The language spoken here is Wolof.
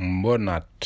mbonat